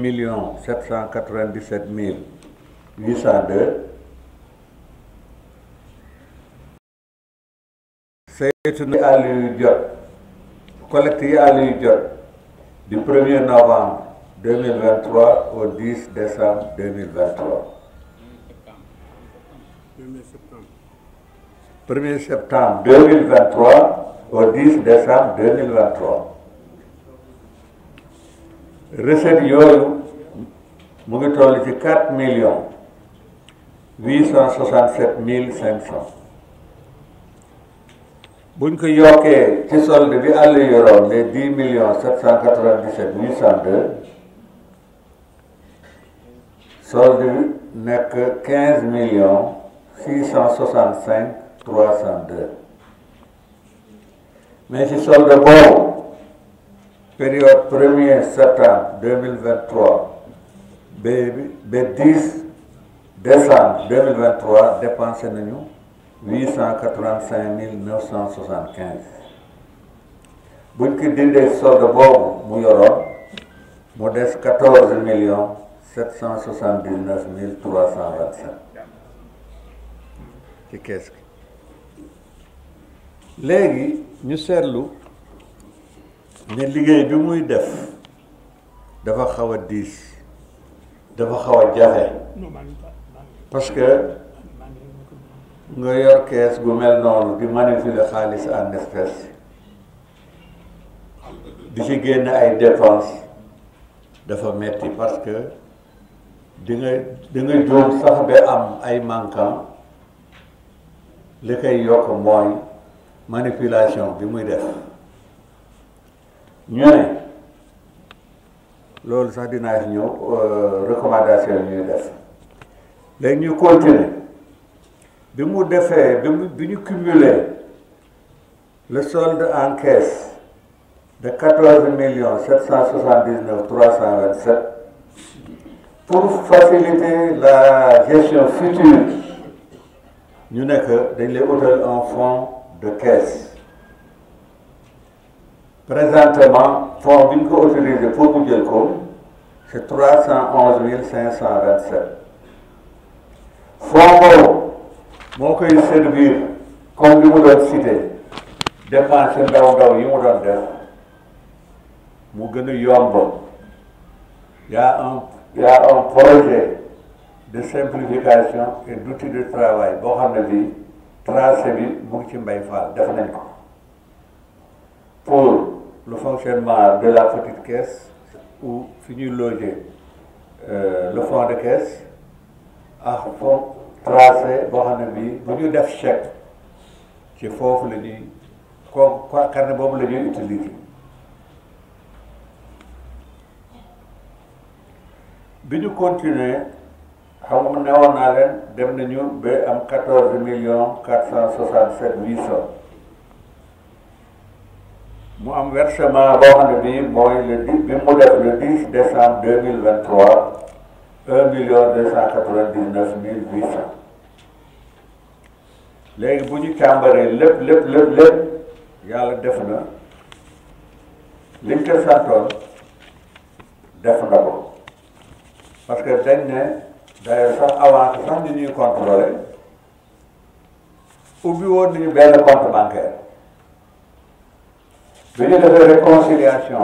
millions sept cent quatre-vingt-dix-sept mille huit cent deux saytuna àll yu jot collecte yi àll yu jot du 1er novembre 2023 au 10 décembre 2023 1er septembre 2023 au 10 décembre 2023 recette yooyu mu ngi toll ci quatre million huit cent soixante sept mille cinq cent buñ ko yokkee ci solde bi àll yoroon les dix millions sept cent quatre vingt dix huit cent deux solde nekk quinze millions six cent soixante cinq trois cent deux mais ci solde boobu période premier septembre deux mille vingt trois ba ba dix décembre deux mille vingt trois dépensé nañu huit cent quatre vingt cinq mille neuf dindee solde boobu mu yoroon mu des quatorze millions sept cent soixante dix neuf mille trois cent vingt ci kees gi léegi ñu seetlu. ne liggéey bi muy def dafa xaw a diis dafa xaw a jafe parce que nga yor kees mel noonu di manipuler xaalis en espèce di ci génn ay dépense dafa metti parce que di nga di nga juum sax ba am ay manquant li koy yokk mooy manipulation bi muy def ñu ne loolu sax dinaa ci ñëw euh, recommandation yi ñuy def léegi ñu continuer bi mu defee bi mu bi ñu cumuler le solde en caisse de quatorze millions sept cent soixante dix neuf trois cent vingt sept pour faciliter la gestion future ñu nekk dañ lay utal un fonds de caisse présentement fonds bi ñu ko autorisé pour mu jël ko c' est trois cent onze mille cinq cent vingt sept fonds boobu moo koy servir comme li mu doon cité dépense ndaw ndaw yi mu doon def mu gën a yomb y a un y a un projet de simplification et d' outil de boo xam ne bii tracé bi mu ngi ci mbay faal def nañ ko pour le fonctionnement de la petite caisse où fi ñuy loger euh, le fond de caisse ah fond boo xam ne bii bu ñu def chèque ci foofu la ñuy ko carnet boobu la ñuy bi ñu continuer xam ne woon naa leen dem nañu ba am quatorze millions quatre cent soixante sept huit cent mu am versement boo xam ne bii mooy le dix bi mu def le dix décembre deux mille vingt trois un million deux cent quatre vingt dix neuf mille huit cent léegi bu ñu càmbaree lépp lépp lépp yàlla def na liñ ko santoon def na ko parce que dañ ne d'ailleurs avant sax ni ñuy contrôler ubbi woon nañu benn compte bancaire. bu ñu defee réconciliation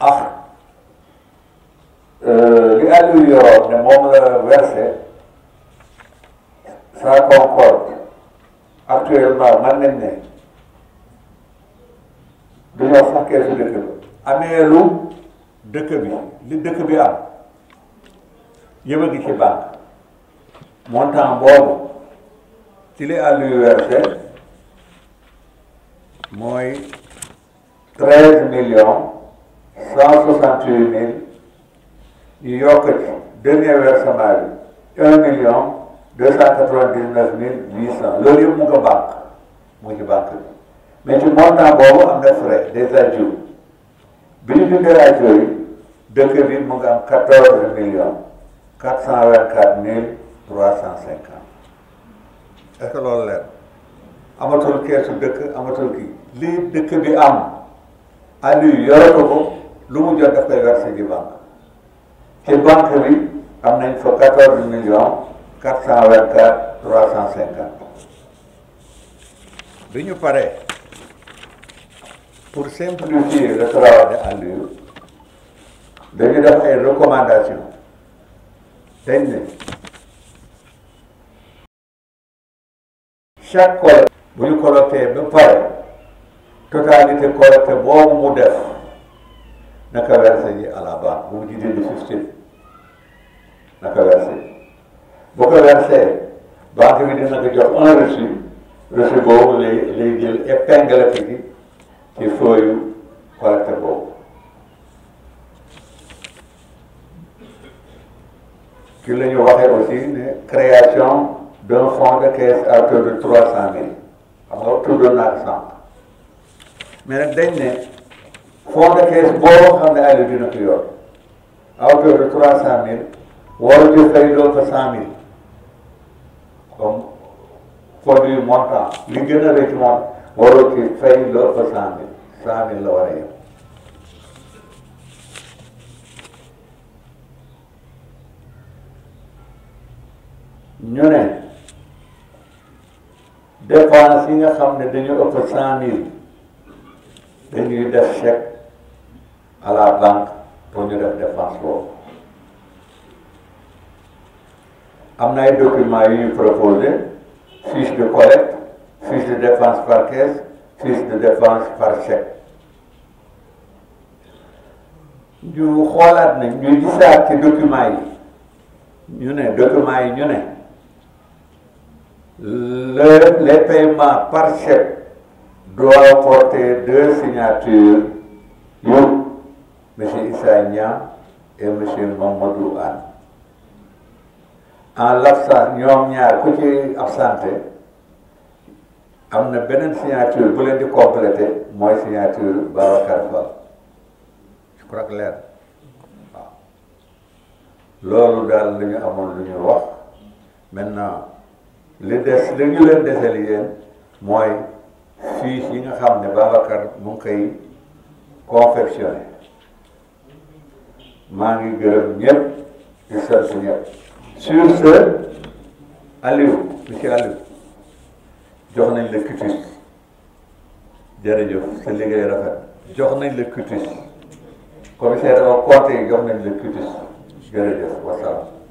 ah euh, li Aliou yoroon ne moom la versé ça concorde actuellement man nañ ne dañoo sàkkee si dëkk bi amee dëkk bi li dëkk bi am yëpp a ngi ci banque montant boobu ci li Aliou versé mooy treize millions cent soixante huit mille ñu yokk ci dernier versement bi un million deux cent quatre-vingt-dix-neuf mille huit cent loolu yëpp mu ko banque mu ci banque bi mais ci montant boobu am na frais des ajouts bi ñu dindee ajouts yi dëkk bi mu ngi am quatorze millions quatre cent vingt-quatre mille trois cent cinquante est-ce que loolu leer amatul keesu dëkk amatul lii dëkk bi am Aliou yore lu mu jot daf koy versé ci banque ci banque bi am nañ fa millions quatre cent vingt quatre trois cent cinquante bi ñu paree pour simplifier le travail de Aliou dañu def ay recommandations dañ ne chaque bu ñu collecté ba pare totalité collecté boobu mu def naka versé ji à la banque bu mu ci dindi fifteen naka versé bu ko versé banque bi dina ko jox un reçu reçu boobu lay lay jël épingle ko ci ci feuille collecté boobu ci la ñu waxee aussi ne création d'un de caisse à hauteur de trois cent mille xam nga tuddoon naa exemple mais nag dañ ne de caisse boo xam ne Aliou dina ko yor à hauteur de trois cent mille waru ci fay loo fa cent mille comme produit montant li gën a rëcc moom dépense yi nga xam ne dañu ëpp cent mille dañuy def chèque à la banque pour ñu def dépense boobu am na ay documents yu ñu proposé fiche de collecte fiche de dépense par caisse fiche de dépense par chèque ñu xoolaat nañ ñu gisaat ci documents yi ñu ne documents yi ñu ne le, les paiements par chèque doivent porter deux signatures yu M. Issa Niang et M. Mamadou Anne en l'absence ñoom ñaar ku ci absenté am na beneen signature bu leen di complété mooy signature Babacar Fall je crois que loolu daal la ñu amoon lu ñuy wax maintenant li des li ñu leen desal yéen mooy fiche yi nga xam ne Babacar mu ngi koy confectionné maa ngi gërëm ñëpp di sant ñëpp sur ce Aliou monsieur Aliou jox nañ la cutis jërëjëf sa liggéey rafet jox nañ la cutis commissaire au compte jox nañ la cutis jërëjëf wasalaam